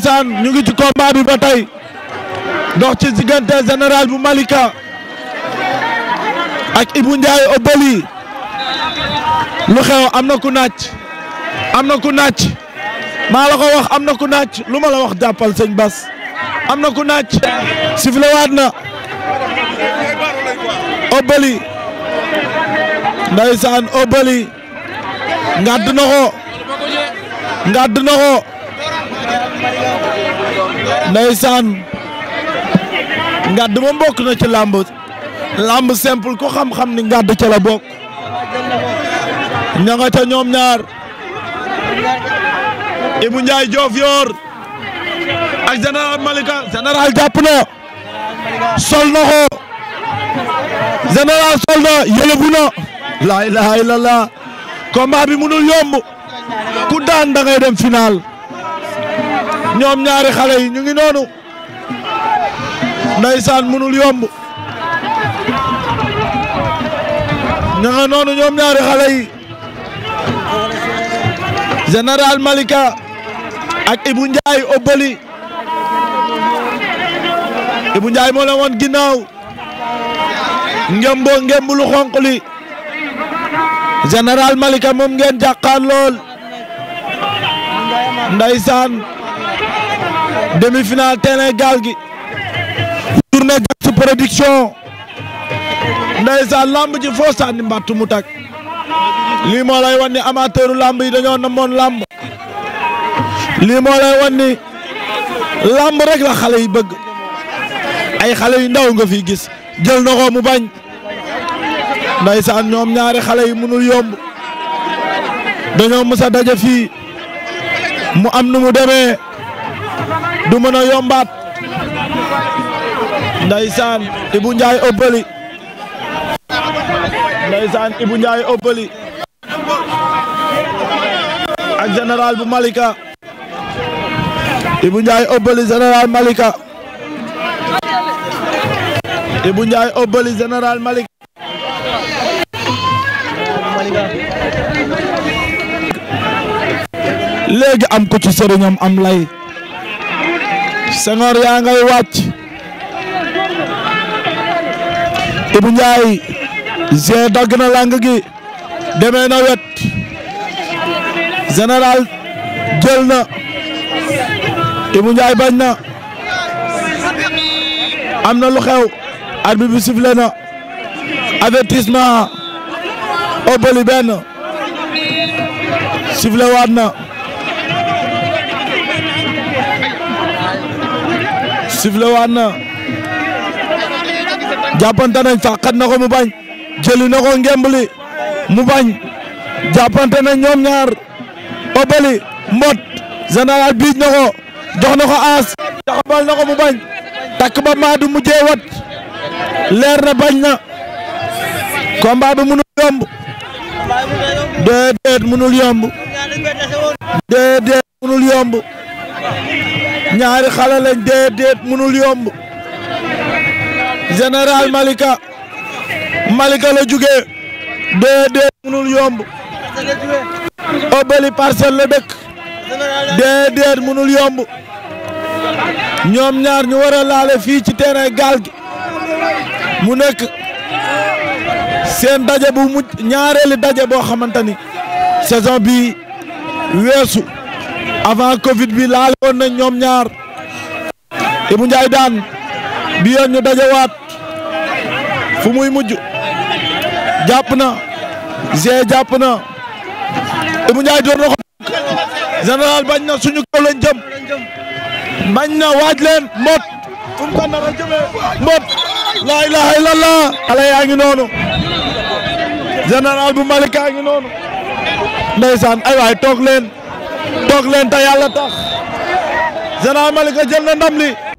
ndeysaan ñu ngi ci combat bi ba tey dox ci diggante général bu Malika ak Ibou Ndiaye Obali lu xew am na ku naaj am na ku naaj maa la ko wax am na ku naaj lu ma wax jàppal sëñ Bas am na ku naaj sifle waat na Obali ndeysaan Obali ngàdd na ko ngàdd na ko ndeysaan ngàdd moom bokk na ci làmb làmb simple ku xam ni ngàdd ca la bokk ña ca ñoom ñaar Ibou Ndiaye Diof yor ak général Malika général jàpp na sol na ko général sol na yëlëbu na laa ilaha illallah combat bi mënul yomb ku daan da dem final ñoom ñaari xale yi ñu ngi noonu ndeysaan mënul yomb ñaari xale yi Malika ak Ibou Ndiaye Obali Ibou Ndiaye moo la woon ginnaaw ngemboo ngemb lu xonq li général Malika moom ngeen jàkkaar lool ndeysaan demi-finale terrain gaal gi journée Jax production ndeysaan lamb ji foo sànni mbàttu mu tag lii moo lay wan ni amateuru lamb yi dañoo namoon lamb lii moo lay wan ni lamb rek la xale yi bëgg ay xale yu ndaw nga fi gis jël na ko mu bañ ndeysaan ñoom ñaari xale yi mënul yomb dañoo mës a daje fii mu am nu mu demee du mën a yombaat ndaysaan Ibou Ndiaye Obali ndaysaan Ibou Ndiaye Obali ak général bu Malika Ibou Ndiaye Obali général Malika Ibou Ndiaye Obali général Malika léegi am ko ci sëriñam am lay Senghor yaa ngay wàcc Ibou Ndiaye Zé dagg na lang gi demee na wet général jël na Ibou Ndiaye am na lu xew arbitre bi sifflé na avertissement obali benn sifflé waat na sifle waat na jàppante nañ sàqat na ko mu bañ jëli na ko mu bañ jàppante nañ ñaar obali mbot général biij na ko jox na ko aas taxabal na ko mu bañ takk ba maadu mujjee wat leer na bañ na combat bi mënul yomb déedéet mënul yomb déedéet mënul yomb ñaari xale lañ déet yomb général Malika Malika la jugee déet déet yomb Obali parcelle la dëkk déet déet yomb ñoom ñaar ñu war laale fii ci terrain gaal mu nekk seen daje bu mujj ñaareeli daje boo xamante ni saison bi weesu. avant Covid bi laale woon nañ ñoom ñaar Ibou Ndiaye daan bi yoon ñu dajawaat fu muy mujj jàpp na Zé jàpp na Ibou Ndiaye door na ko bañ na suñu kaw lañ jëm bañ na waaj leen mbot mbot laa ilaha illallah ala yaa ngi noonu général bu Malika ngi noonu ndeysaan ay waay toog leen toog leen te yàlla tax Général Malika jël na ndam li